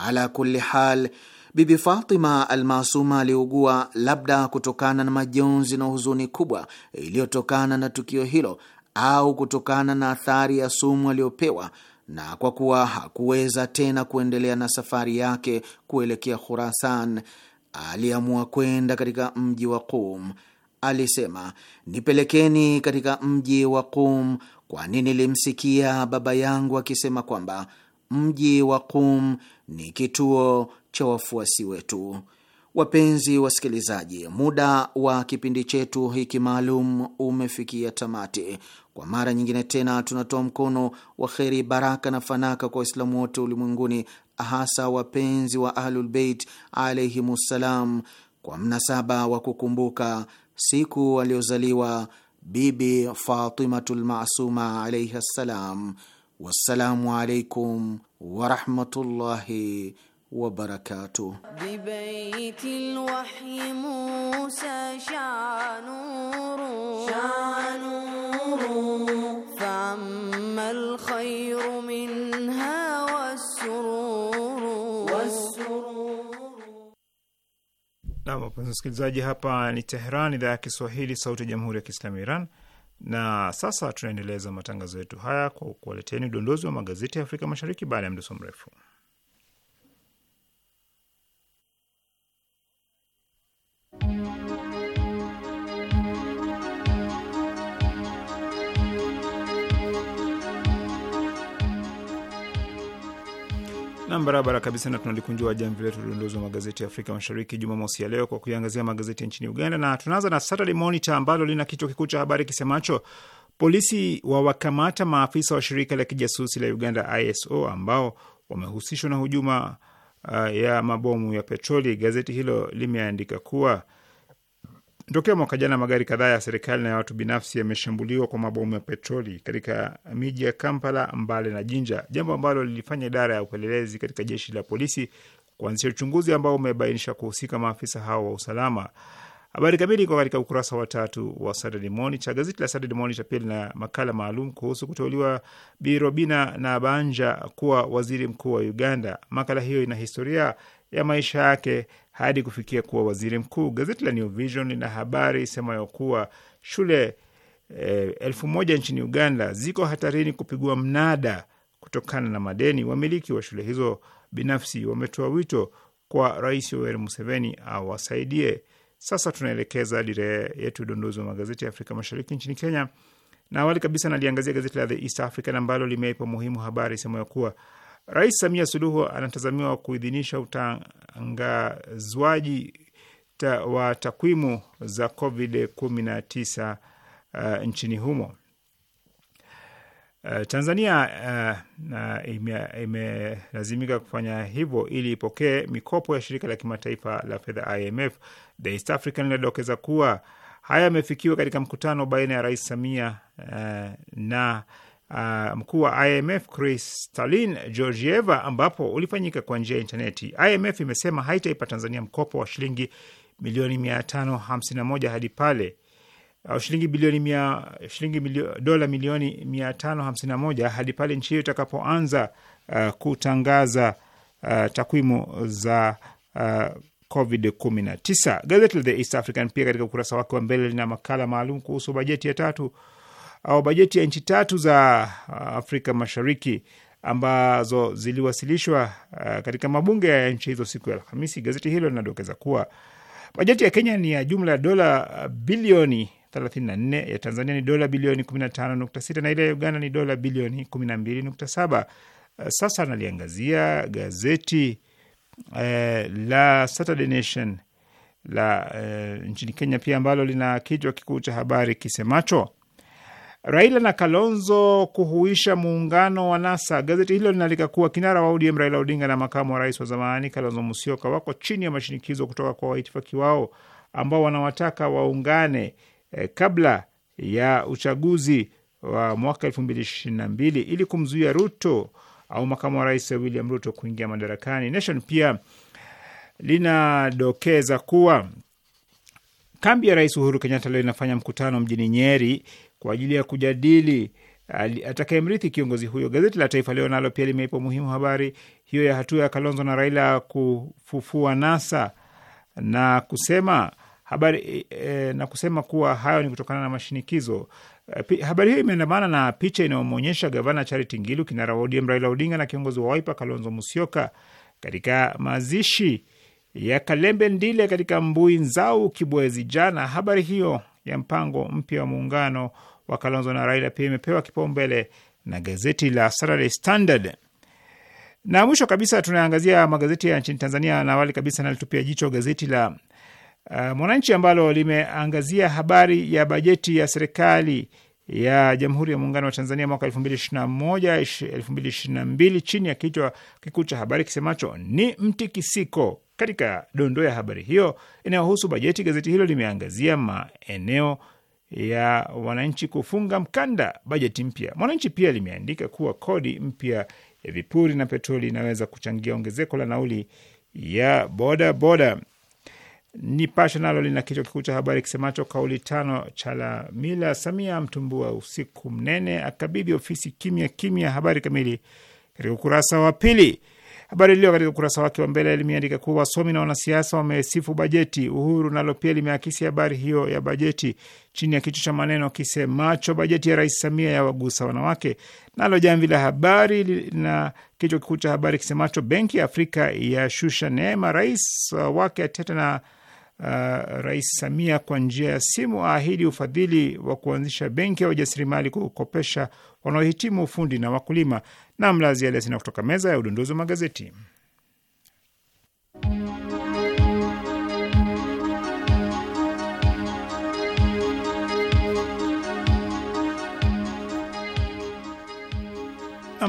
Ala kulli hal, Bibi Fatima Almasuma aliugua, labda kutokana na majonzi na huzuni kubwa iliyotokana na tukio hilo au kutokana na athari ya sumu aliyopewa, na kwa kuwa hakuweza tena kuendelea na safari yake kuelekea Khurasan, aliamua kwenda katika mji wa Qum. Alisema, nipelekeni katika mji wa Qum kwani nilimsikia baba yangu akisema kwamba mji wa Qum ni kituo cha wafuasi wetu. Wapenzi wasikilizaji, muda wa kipindi chetu hiki maalum umefikia tamati. Kwa mara nyingine tena, tunatoa mkono wa kheri, baraka na fanaka kwa Waislamu wote ulimwenguni, hasa wapenzi wa Ahlulbeit alaihimussalam, kwa mnasaba wa kukumbuka siku waliozaliwa Bibi Fatimatul Masuma alaihi ssalam. Wassalamu alaikum warahmatullahi wabarakatuh. Nam, wapenzi msikilizaji, hapa ni Teheran, idhaa ya Kiswahili, sauti ya jamhuri ya kiislamu ya Iran. Na sasa tunaendeleza matangazo yetu haya kwa kuwaleteni udondozi wa magazeti ya Afrika Mashariki baada ya mdoso mrefu Nam barabara kabisa, na tunalikunjua jamvi letu udondozi wa magazeti ya Afrika Mashariki Jumamosi ya leo kwa kuiangazia magazeti ya nchini Uganda, na tunaanza na Saturday Monitor ambalo lina kichwa kikuu cha habari kisemacho polisi wawakamata maafisa wa shirika la kijasusi la Uganda ISO ambao wamehusishwa na hujuma uh, ya mabomu ya petroli. Gazeti hilo limeandika kuwa Tokea mwaka jana magari kadhaa ya serikali na ya watu binafsi yameshambuliwa kwa mabomu ya petroli katika miji ya Kampala, Mbale na Jinja, jambo ambalo lilifanya idara ya upelelezi katika jeshi la polisi kuanzisha uchunguzi ambao umebainisha kuhusika maafisa hao wa usalama. Habari kamili iko katika ukurasa wa tatu wa Saturday cha gazeti la Saturday cha pili, na makala maalum kuhusu kuteuliwa Bi na Banja kuwa waziri mkuu wa Uganda. Makala hiyo ina historia ya maisha yake hadi kufikia kuwa waziri mkuu. Gazeti la New Vision lina habari isemayo kuwa shule eh, elfu moja nchini Uganda ziko hatarini kupigwa mnada kutokana na madeni. Wamiliki wa shule hizo binafsi wametoa wito kwa Rais Yoweri Museveni awasaidie. Sasa tunaelekeza dira yetu udondozi wa magazeti ya Afrika Mashariki nchini Kenya, na awali kabisa naliangazia gazeti la The East African ambalo limeipa muhimu habari isemayo kuwa Rais Samia Suluhu anatazamiwa kuidhinisha utangazwaji ta wa takwimu za Covid 19 uh, nchini humo. Uh, Tanzania uh, imelazimika ime kufanya hivyo ili ipokee mikopo ya shirika la kimataifa la fedha IMF. The East African kuwa haya yamefikiwa katika mkutano baina ya Rais Samia uh, na uh, mkuu wa IMF Kristalin Georgieva, ambapo ulifanyika kwa njia ya intaneti. IMF imesema haitaipa Tanzania mkopo wa shilingi milioni mia tano moja hadi pale au shilingi bilioni mia, shilingi milio, dola milioni mia tano moja hadi pale nchi hiyo itakapoanza uh, kutangaza uh, takwimu za uh, COVID-19. Gazeti la The East African pia katika ukurasa wake wa mbele lina makala maalum kuhusu bajeti ya tatu au bajeti ya nchi tatu za uh, Afrika Mashariki ambazo ziliwasilishwa uh, katika mabunge ya nchi hizo siku ya Alhamisi. Gazeti hilo linadokeza kuwa bajeti ya Kenya ni ya jumla ya dola uh, bilioni 34, ya Tanzania ni dola bilioni 15.6 na ile ya Uganda ni dola bilioni 12.7. Sasa analiangazia gazeti eh, la Saturday Nation la eh, nchini Kenya pia ambalo lina kichwa kikuu cha habari kisemacho Raila na Kalonzo kuhuisha muungano wa NASA. Gazeti hilo linaandika kuwa kinara wa ODM Raila Odinga na makamu wa rais wa zamani Kalonzo Musyoka wako chini ya mashinikizo kutoka kwa waitifaki wao ambao wanawataka waungane eh, kabla ya uchaguzi wa mwaka elfu mbili ishirini na mbili ili kumzuia Ruto au makamu wa rais William Ruto kuingia madarakani. Nation pia linadokeza kuwa kambi ya rais Uhuru Kenyatta leo inafanya mkutano mjini Nyeri kwa ajili ya kujadili atakayemrithi kiongozi huyo. Gazeti la Taifa Leo nalo pia limeipa umuhimu habari hiyo ya hatua ya Kalonzo na Raila kufufua NASA na kusema habari e, e na kusema kuwa hayo ni kutokana na mashinikizo. E, habari hiyo imeandamana na picha inayomwonyesha gavana Charity Ngilu, kinara wa ODM Raila Odinga na kiongozi wa Wiper Kalonzo Musyoka katika mazishi ya Kalembe Ndile katika Mbui Nzau Kibwezi jana. Habari hiyo ya mpango mpya wa muungano wa Kalonzo na Raila pia imepewa kipaumbele na gazeti la Saturday Standard. Na mwisho kabisa tunaangazia magazeti ya nchini Tanzania, na awali kabisa nalitupia jicho gazeti la uh, Mwananchi ambalo limeangazia habari ya bajeti ya serikali ya Jamhuri ya Muungano wa Tanzania mwaka 2021 2022 chini ya kichwa kikuu cha habari kisemacho ni mtikisiko katika dondoo ya habari hiyo inayohusu bajeti, gazeti hilo limeangazia maeneo ya wananchi kufunga mkanda bajeti mpya. Mwananchi pia limeandika kuwa kodi mpya ya vipuri na petroli inaweza kuchangia ongezeko la nauli ya boda boda. Nipashe nalo lina kichwa kikuu cha habari kisemacho kauli tano Chalamila, Samia mtumbua usiku mnene, akabidhi ofisi kimya kimya. Habari kamili katika ukurasa wa pili. Habari Leo katika ukurasa wake wa mbele limeandika kuwa wasomi na wanasiasa wamesifu bajeti. Uhuru nalo pia limeakisi habari hiyo ya bajeti chini ya kichwa cha maneno kisemacho bajeti ya Rais Samia ya wagusa wanawake. Nalo Jamvi la Habari lina kichwa kikuu cha habari kisemacho benki ya Afrika ya shusha neema, rais wake ateta na uh, Rais Samia kwa njia ya simu aahidi ufadhili wa kuanzisha benki ya ujasiriamali kwa kukopesha wanaohitimu ufundi na wakulima. Na mlazi aliasina kutoka meza ya udunduzi wa magazeti.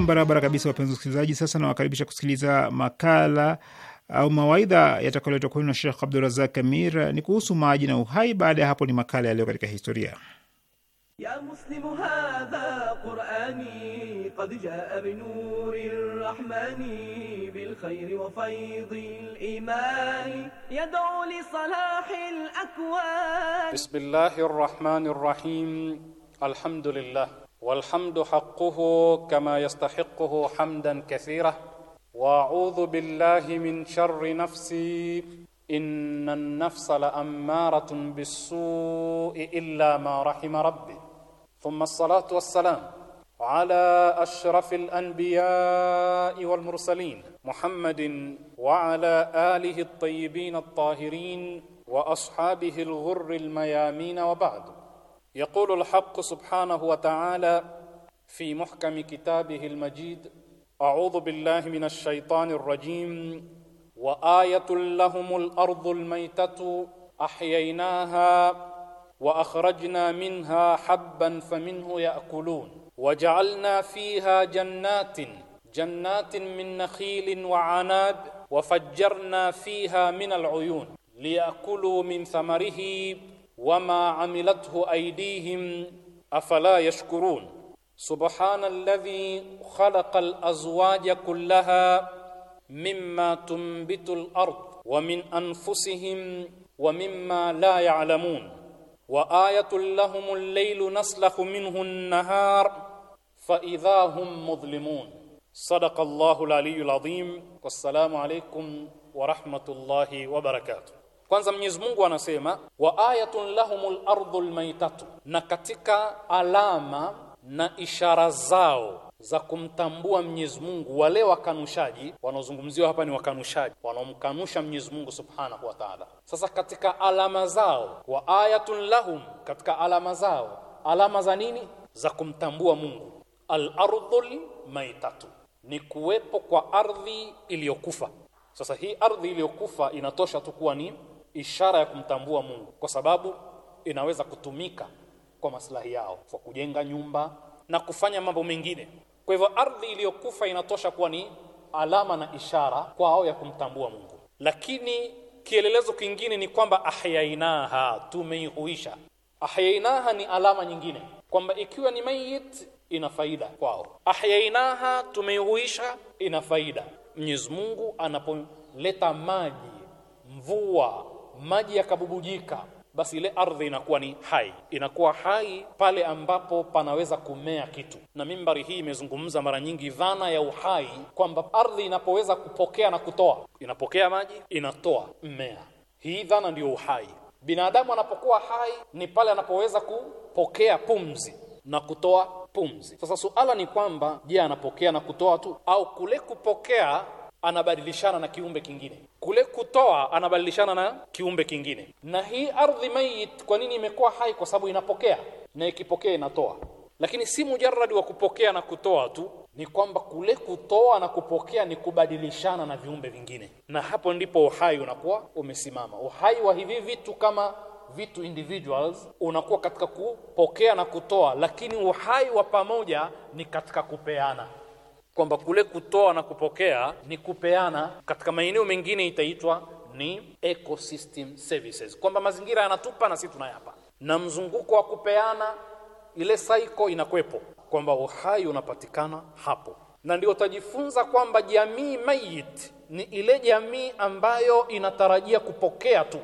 Barabara kabisa, wapenzi wasikilizaji. Sasa nawakaribisha kusikiliza makala au mawaidha yatakayoletwa kwenu na Shekh Abdurazak Amir ni kuhusu maji na uhai. Baada ya hapo ni makala yaliyo katika historia ya muslimu hadha qurani qad jaa bi nuri rrahmani bil khairi wa faydi al imani yad'u li salahi al akwan bismillahi rrahmani rrahim alhamdulillah walhamdu haqquhu kama yastahiquhu hamdan kathira واعوذ بالله من شر نفسي ان النفس لاماره بالسوء الا ما رحم ربي ثم الصلاه والسلام على اشرف الانبياء والمرسلين محمد وعلى اله الطيبين الطاهرين واصحابه الغر الميامين وبعد يقول الحق سبحانه وتعالى في محكم كتابه المجيد أعوذ بالله من الشيطان الرجيم وآية لهم الأرض الميتة أحييناها وأخرجنا منها حبا فمنه يأكلون وجعلنا فيها جنات جنات من نخيل وعناب وفجرنا فيها من العيون ليأكلوا من ثمره وما عملته أيديهم أفلا يشكرون سبحان الذي خلق الأزواج كلها مما تنبت الأرض ومن أنفسهم ومما لا يعلمون وآية لهم الليل نسلخ منه النهار فإذا هم مظلمون صدق الله العلي العظيم والسلام عليكم ورحمة الله وبركاته kwanza mwenyezi mungu anasema wa ayatun lahumul ardhu lmaitatu na katika alama na ishara zao za kumtambua Mwenyezi Mungu. Wale wakanushaji wanaozungumziwa hapa ni wakanushaji wanaomkanusha Mwenyezi Mungu Subhanahu wa Ta'ala. Sasa katika alama zao, wa ayatun lahum, katika alama zao, alama za nini? Za kumtambua Mungu. Al-ardhul maitatu, ni kuwepo kwa ardhi iliyokufa. Sasa hii ardhi iliyokufa inatosha tu kuwa ni ishara ya kumtambua Mungu, kwa sababu inaweza kutumika kwa maslahi yao, kwa kujenga nyumba na kufanya mambo mengine. Kwa hivyo ardhi iliyokufa inatosha kuwa ni alama na ishara kwao ya kumtambua Mungu, lakini kielelezo kingine ni kwamba ahyainaha, tumeihuisha. Ahyainaha ni alama nyingine kwamba ikiwa ni mayit ina faida kwao. Ahyainaha, tumeihuisha, ina faida. Mwenyezi Mungu anapoleta maji, mvua, maji yakabubujika basi ile ardhi inakuwa ni hai, inakuwa hai pale ambapo panaweza kumea kitu. Na mimbari hii imezungumza mara nyingi dhana ya uhai, kwamba ardhi inapoweza kupokea na kutoa, inapokea maji, inatoa mmea. Hii dhana ndiyo uhai. Binadamu anapokuwa hai ni pale anapoweza kupokea pumzi na kutoa pumzi. Sasa suala ni kwamba, je, anapokea na kutoa tu au kule kupokea anabadilishana na kiumbe kingine? kule kutoa anabadilishana na kiumbe kingine. Na hii ardhi mayit, kwa nini imekuwa hai? Kwa sababu inapokea, na ikipokea inatoa. Lakini si mujarradi wa kupokea na kutoa tu, ni kwamba kule kutoa na kupokea ni kubadilishana na viumbe vingine, na hapo ndipo uhai unakuwa umesimama. Uhai wa hivi vitu kama vitu individuals unakuwa katika kupokea na kutoa, lakini uhai wa pamoja ni katika kupeana kwamba kule kutoa na kupokea ni kupeana. Katika maeneo mengine itaitwa ni ecosystem services, kwamba mazingira yanatupa na sisi tunayapa, na mzunguko wa kupeana, ile cycle inakwepo, kwamba uhai unapatikana hapo, na ndio utajifunza kwamba jamii mayit ni ile jamii ambayo inatarajia kupokea tu,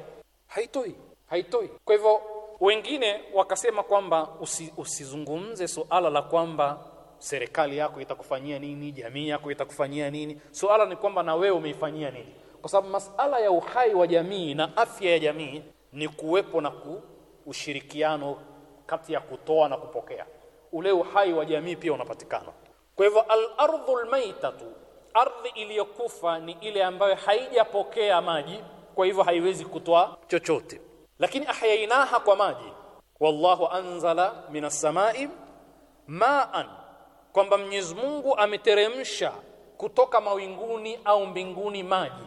haitoi haitoi. Kwa hivyo wengine wakasema kwamba usi, usizungumze suala la kwamba serikali yako itakufanyia nini, jamii yako itakufanyia nini. Suala ni kwamba na wewe umeifanyia nini, kwa sababu masala ya uhai wa jamii na afya ya jamii ni kuwepo na ku, ushirikiano kati ya kutoa na kupokea, ule uhai wa jamii pia unapatikana. Kwa hivyo al-ardhu al-maitatu, ardhi iliyokufa ni ile ambayo haijapokea maji, kwa hivyo haiwezi kutoa chochote, lakini ahyainaha kwa maji. Wallahu anzala minas samai maan kwamba Mwenyezi Mungu ameteremsha kutoka mawinguni au mbinguni maji,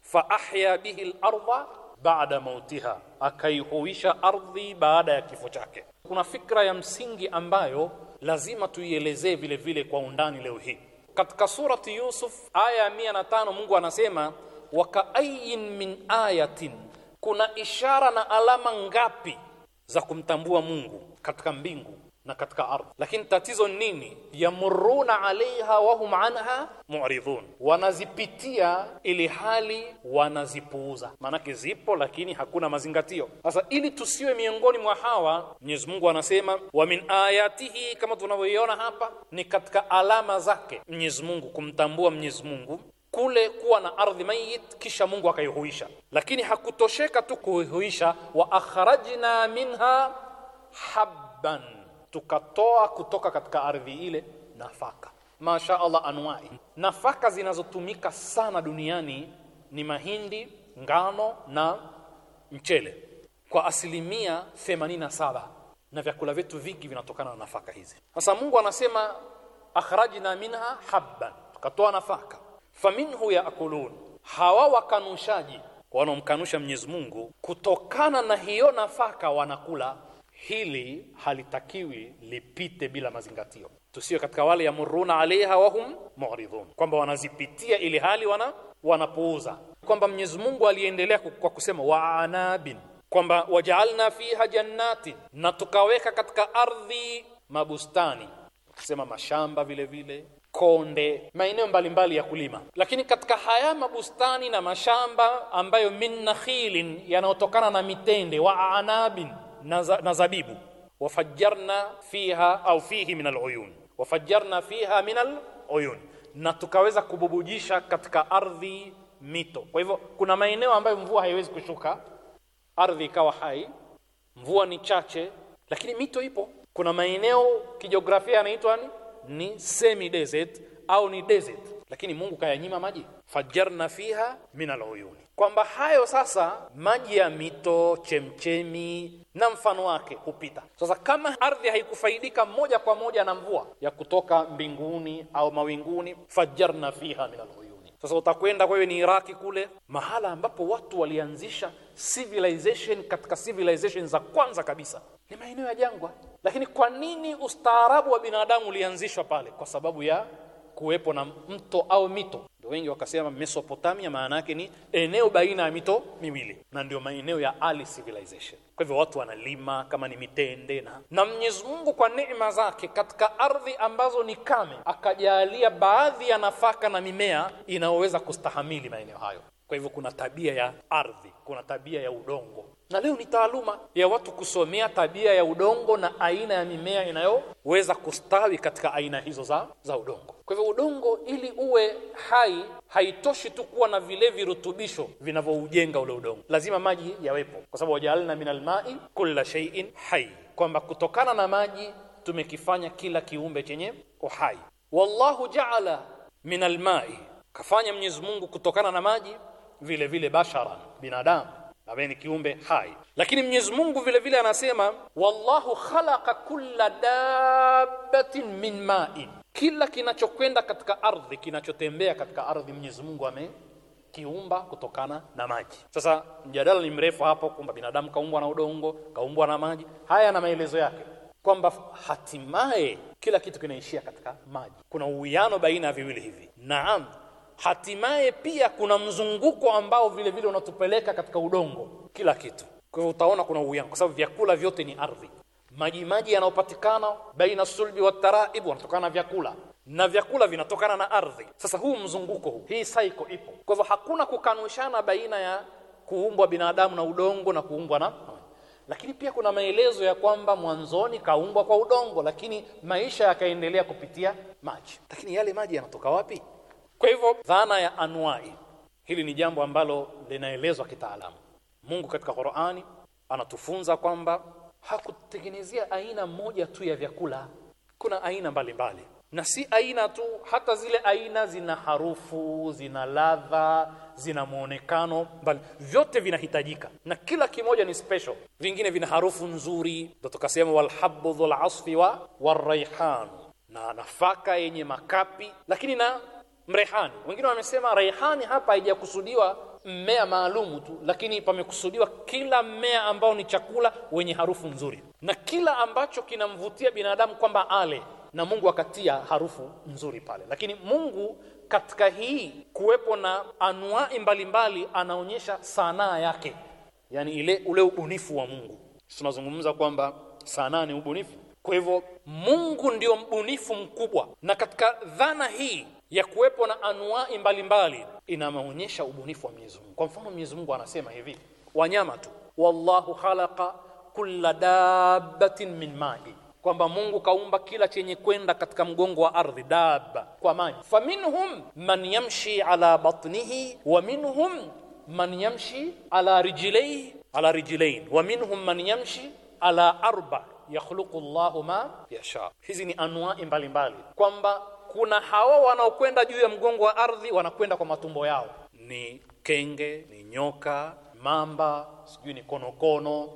fa ahya bihi al-ardha baada mautiha, akaihuisha ardhi baada ya kifo chake. Kuna fikra ya msingi ambayo lazima tuielezee vile vile kwa undani leo hii. Katika surati Yusuf aya ya 105 Mungu anasema wakaayin min ayatin, kuna ishara na alama ngapi za kumtambua Mungu katika mbingu na katika ardhi lakini tatizo nini yamuruna alaiha wa hum anha mu'ridun wanazipitia ili hali wanazipuuza maanake zipo lakini hakuna mazingatio sasa ili tusiwe miongoni mwa hawa Mwenyezi Mungu anasema wa min ayatihi kama tunavyoiona hapa ni katika alama zake Mwenyezi Mungu kumtambua Mwenyezi Mungu kule kuwa na ardhi mayit kisha Mungu akaihuisha lakini hakutosheka tu kuihuisha wa akhrajna minha habban tukatoa kutoka katika ardhi ile nafaka. Masha Allah, anwai nafaka zinazotumika sana duniani ni mahindi, ngano na mchele kwa asilimia 87, na vyakula vyetu vingi vinatokana na nafaka hizi. Sasa Mungu anasema akhrajna minha habban, tukatoa nafaka. Faminhu yaakulun, hawa wakanushaji wanaomkanusha Mwenyezi Mungu kutokana na hiyo nafaka wanakula hili halitakiwi lipite bila mazingatio, tusiwe katika wale yamuruna alaiha wahum mu'ridhun, kwamba wanazipitia ili hali wana wanapuuza, kwamba Mwenyezi Mungu aliendelea kwa kusema wa anabin, kwamba wajaalna fiha jannatin, na tukaweka katika ardhi mabustani, kusema mashamba vile vile konde maeneo mbalimbali ya kulima, lakini katika haya mabustani na mashamba ambayo min nakhilin yanayotokana na mitende wa anabin na zabibu. Wafajjarna fiha au fihi min aluyun, wafajjarna fiha min aluyun, na tukaweza kububujisha katika ardhi mito. Kwa hivyo kuna maeneo ambayo mvua haiwezi kushuka, ardhi ikawa hai, mvua ni chache, lakini mito ipo. Kuna maeneo kijiografia yanaitwa ni semi desert au ni desert lakini Mungu kayanyima maji, fajarna fiha min aluyuni, kwamba hayo sasa maji ya mito, chemchemi na mfano wake hupita. Sasa kama ardhi haikufaidika moja kwa moja na mvua ya kutoka mbinguni au mawinguni, fajarna fiha min aluyuni. Sasa utakwenda kwa hiyo ni Iraki kule, mahala ambapo watu walianzisha civilization katika civilization za kwanza kabisa ni maeneo ya jangwa. Lakini kwa nini ustaarabu wa binadamu ulianzishwa pale? Kwa sababu ya kuwepo na mto au mito. Ndio wengi wakasema Mesopotamia maana yake ni eneo baina ya mito miwili, na ndio maeneo ya early civilization. Kwa hivyo watu wanalima kama ni mitende na na Mwenyezi Mungu kwa neema zake, katika ardhi ambazo ni kame, akajalia baadhi ya nafaka na mimea inayoweza kustahamili maeneo hayo. Kwa hivyo kuna tabia ya ardhi, kuna tabia ya udongo, na leo ni taaluma ya watu kusomea tabia ya udongo na aina ya mimea inayoweza kustawi katika aina hizo za, za udongo. Kwa hivyo udongo ili uwe hai, haitoshi tu kuwa na vile virutubisho vinavyoujenga ule udongo, lazima maji yawepo, kwa sababu wajaalna min almai kulla shaiin hai, kwamba kutokana na maji tumekifanya kila kiumbe chenye uhai. Wallahu jaala min almai, kafanya Mwenyezi Mungu kutokana na maji vile vile basharan binadamu ambaye ni kiumbe hai lakini Mwenyezi Mungu vile vile anasema wallahu khalaqa kulla dabbatin min ma'in kila kinachokwenda katika ardhi kinachotembea katika ardhi Mwenyezi Mungu ame kiumba kutokana na maji. Sasa mjadala ni mrefu hapo kwamba binadamu kaumbwa na udongo, kaumbwa na maji. Haya na maelezo yake kwamba hatimaye kila kitu kinaishia katika maji. Kuna uwiano baina ya viwili hivi. Naam, hatimaye pia kuna mzunguko ambao vile vile unatupeleka katika udongo, kila kitu. Kwa hivyo utaona kuna uwiano, kwa sababu vyakula vyote ni ardhi. Maji maji yanayopatikana baina sulbi wa taraibu wanatokana na vyakula na vyakula vinatokana na ardhi. Sasa huu mzunguko huu, hii cycle ipo. Kwa hivyo hakuna kukanushana baina ya kuumbwa binadamu na udongo na kuumbwa na lakini pia kuna maelezo ya kwamba mwanzoni kaumbwa kwa udongo, lakini maisha yakaendelea kupitia maji. Lakini yale maji yanatoka wapi? Kwa hivyo dhana ya anwai, hili ni jambo ambalo linaelezwa kitaalamu. Mungu katika Qur'ani anatufunza kwamba hakutengenezea aina moja tu ya vyakula, kuna aina mbalimbali mbali. Na si aina tu, hata zile aina zina harufu, zina ladha, zina muonekano mbali, vyote vinahitajika na kila kimoja ni special. Vingine vina harufu nzuri, ndio tukasema walhabbu dhul asfi wa waraihan, na nafaka yenye makapi, lakini na mrehani. Wengine wamesema rehani hapa haijakusudiwa mmea maalumu tu, lakini pamekusudiwa kila mmea ambao ni chakula wenye harufu nzuri na kila ambacho kinamvutia binadamu kwamba ale, na Mungu akatia harufu nzuri pale. Lakini Mungu katika hii kuwepo na anuai mbalimbali anaonyesha sanaa yake, yani ile ule ubunifu wa Mungu. Tunazungumza kwamba sanaa ni ubunifu. Kwa hivyo Mungu ndio mbunifu mkubwa, na katika dhana hii ya kuwepo na anuai mbalimbali inaonyesha ubunifu wa Mwenyezi Mungu. Kwa mfano Mwenyezi Mungu anasema hivi, wanyama tu, wallahu khalaqa kulla dabbatin min ma'i, kwamba Mungu kaumba kila chenye kwenda katika mgongo wa ardhi, dabba kwa maji. Faminhum man yamshi ala batnihi wa minhum man yamshi ala rijlaihi ala rijlain wa minhum man yamshi ala arba yakhluqu Allahu ma yasha. Hizi ni anuai mbalimbali kwamba kuna hawa wanaokwenda juu ya mgongo wa ardhi wanakwenda kwa matumbo yao, ni kenge, ni nyoka, mamba, sijui ni konokono,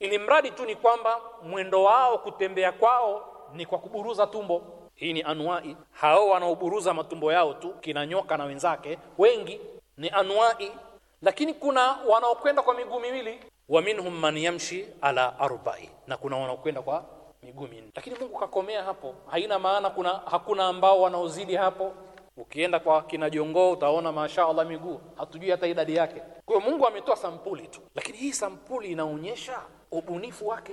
ili mradi tu ni kwamba mwendo wao kutembea kwao ni kwa kuburuza tumbo. Hii ni anwai. Hao wanaoburuza matumbo yao tu, kina nyoka na wenzake wengi, ni anwai. Lakini kuna wanaokwenda kwa miguu miwili, wa minhum man yamshi ala arba'i, na kuna wanaokwenda kwa miguu minne. Lakini Mungu kakomea hapo, haina maana kuna hakuna ambao wanaozidi hapo. Ukienda kwa kina jongoo utaona mashaallah miguu, hatujui hata idadi yake. Kwa hiyo Mungu ametoa sampuli tu, lakini hii sampuli inaonyesha ubunifu wake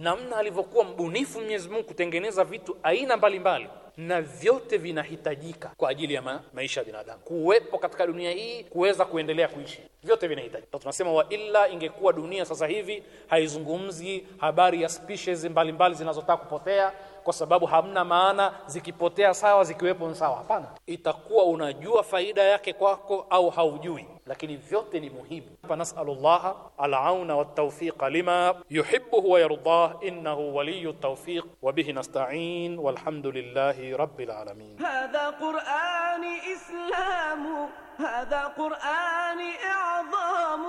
namna alivyokuwa mbunifu Mwenyezi Mungu kutengeneza vitu aina mbalimbali mbali, na vyote vinahitajika kwa ajili ya ma maisha ya binadamu kuwepo katika dunia hii kuweza kuendelea kuishi, vyote vinahitajika. Tunasema wa illa, ingekuwa dunia sasa hivi haizungumzi habari ya species mbalimbali zinazotaka kupotea kwa sababu hamna maana zikipotea sawa, zikiwepo sawa. Hapana, itakuwa unajua faida yake kwako au haujui. لكن vyote مهم فنسأل الله العون والتوفيق لما يحبه ويرضاه إنه ولي التوفيق وبه نستعين والحمد لله رب العالمين هذا قرآن إسلام هذا قرآن إعظام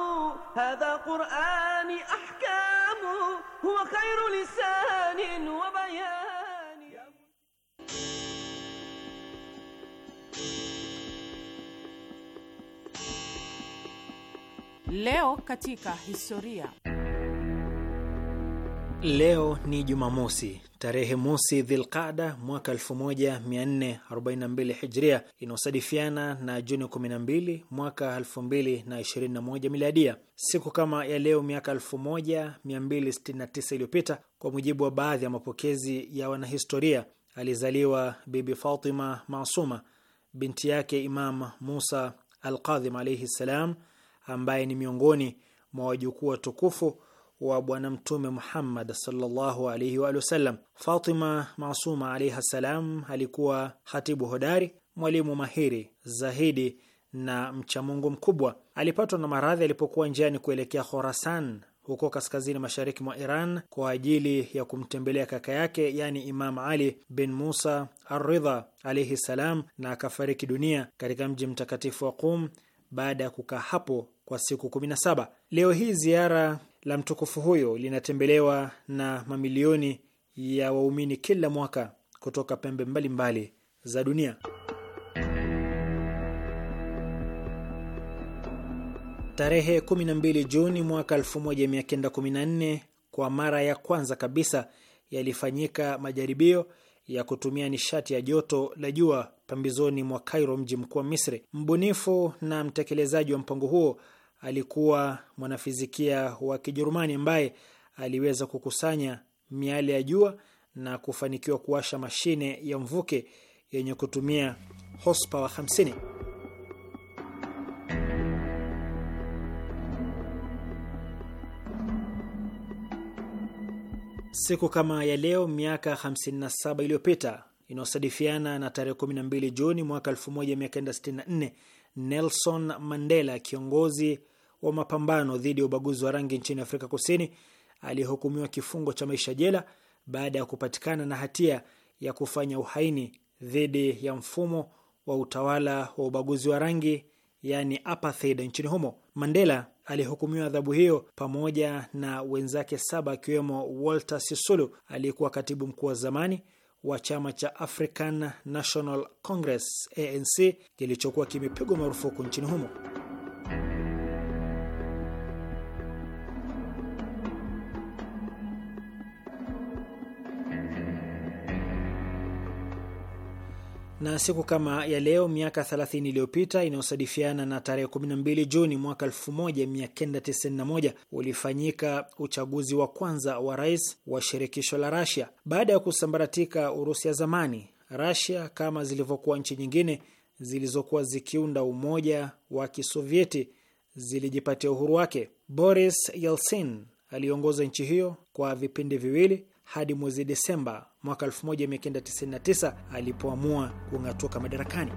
هذا قرآن أحكام هو خير لسان وبيان Leo katika historia. Leo ni Jumamosi tarehe mosi Dhilqada mwaka 1442 Hijria, inayosadifiana na Juni 12 mwaka 2021 Miladia. Siku kama ya leo miaka 1269 iliyopita, kwa mujibu wa baadhi ya mapokezi ya wanahistoria, alizaliwa Bibi Fatima Masuma, binti yake Imam Musa Alqadhim alaihi ssalam ambaye ni miongoni mwa wajukuu tukufu wa Bwana Mtume Muhammad sallallahu alaihi wa sallam. Fatima Masuma alaihi salam alikuwa hatibu hodari, mwalimu mahiri, zahidi na mchamungu mkubwa. Alipatwa na maradhi alipokuwa njiani kuelekea Khorasan huko kaskazini mashariki mwa Iran kwa ajili ya kumtembelea kaka yake, yani Imam Ali bin Musa Arridha alaihi salam, na akafariki dunia katika mji mtakatifu wa Qum baada ya kukaa hapo kwa siku 17. Leo hii ziara la mtukufu huyo linatembelewa na mamilioni ya waumini kila mwaka kutoka pembe mbalimbali mbali za dunia. Tarehe 12 Juni mwaka 1914 kwa mara ya kwanza kabisa yalifanyika majaribio ya kutumia nishati ya joto la jua pambizoni mwa Cairo, mji mkuu wa Misri. Mbunifu na mtekelezaji wa mpango huo alikuwa mwanafizikia wa Kijerumani ambaye aliweza kukusanya miale ya jua na kufanikiwa kuwasha mashine ya mvuke yenye kutumia horsepower 50. Siku kama ya leo miaka 57 iliyopita inayosadifiana na tarehe 12 Juni mwaka 1964, Nelson Mandela, kiongozi wa mapambano dhidi ya ubaguzi wa rangi nchini Afrika Kusini, aliyehukumiwa kifungo cha maisha jela baada ya kupatikana na hatia ya kufanya uhaini dhidi ya mfumo wa utawala wa ubaguzi wa rangi, yani apartheid, nchini humo. Mandela aliyehukumiwa adhabu hiyo pamoja na wenzake saba akiwemo Walter Sisulu aliyekuwa katibu mkuu wa zamani wa chama cha African National Congress ANC kilichokuwa kimepigwa marufuku nchini humo. na siku kama ya leo miaka 30 iliyopita inayosadifiana na tarehe 12 Juni mwaka 1991 ulifanyika uchaguzi wa kwanza wa rais wa shirikisho la Rasia baada ya kusambaratika Urusi ya zamani. Rasia kama zilivyokuwa nchi nyingine zilizokuwa zikiunda umoja wa Kisovieti zilijipatia uhuru wake. Boris Yeltsin aliongoza nchi hiyo kwa vipindi viwili hadi mwezi Desemba mwaka 1999 alipoamua kung'atuka madarakani.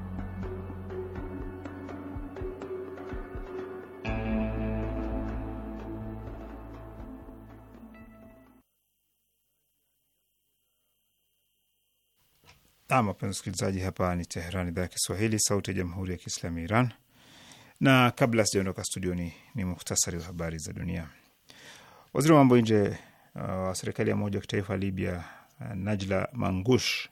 Nam, wapenzi msikilizaji, hapa ni Teheran, idhaa ya Kiswahili, sauti ya jamhuri ya kiislamu ya Iran. Na kabla sijaondoka studioni, ni, ni muhtasari wa habari za dunia. Waziri wa mambo nje uh, wa uh, serikali ya umoja wa kitaifa Libya Najla Mangush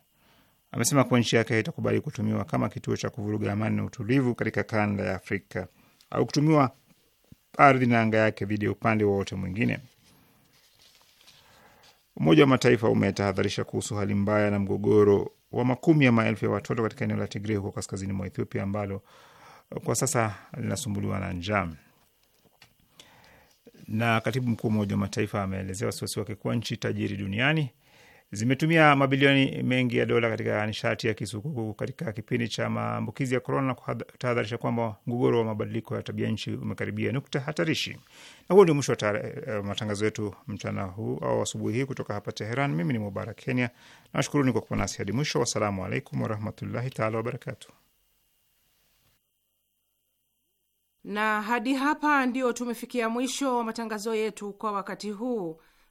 amesema kuwa nchi yake haitakubali kutumiwa kama kituo cha kuvuruga amani na utulivu katika kanda ya Afrika au kutumiwa ardhi na anga yake dhidi ya upande wowote mwingine. Umoja wa Mataifa umetahadharisha kuhusu hali mbaya na mgogoro wa makumi ya maelfu ya watoto katika eneo la Tigrei huko kaskazini mwa Ethiopia ambalo kwa sasa linasumbuliwa na njaa. Na katibu mkuu wa Umoja wa Mataifa ameelezea wasiwasi wake kuwa nchi tajiri duniani zimetumia mabilioni mengi ya dola katika nishati ya kisukuku katika kipindi cha maambukizi ya korona na kutahadharisha kwamba mgogoro wa mabadiliko ya tabia nchi umekaribia nukta hatarishi. Na huo ndio mwisho wa uh, matangazo yetu mchana huu au asubuhi hii kutoka hapa Teheran. Mimi ni Mubarak Kenya, nawashukuruni kwa kuwa nasi hadi mwisho. Wassalamu alaikum warahmatullahi taala wabarakatu. Na hadi hapa ndio tumefikia mwisho wa matangazo yetu kwa wakati huu.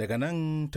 daga nan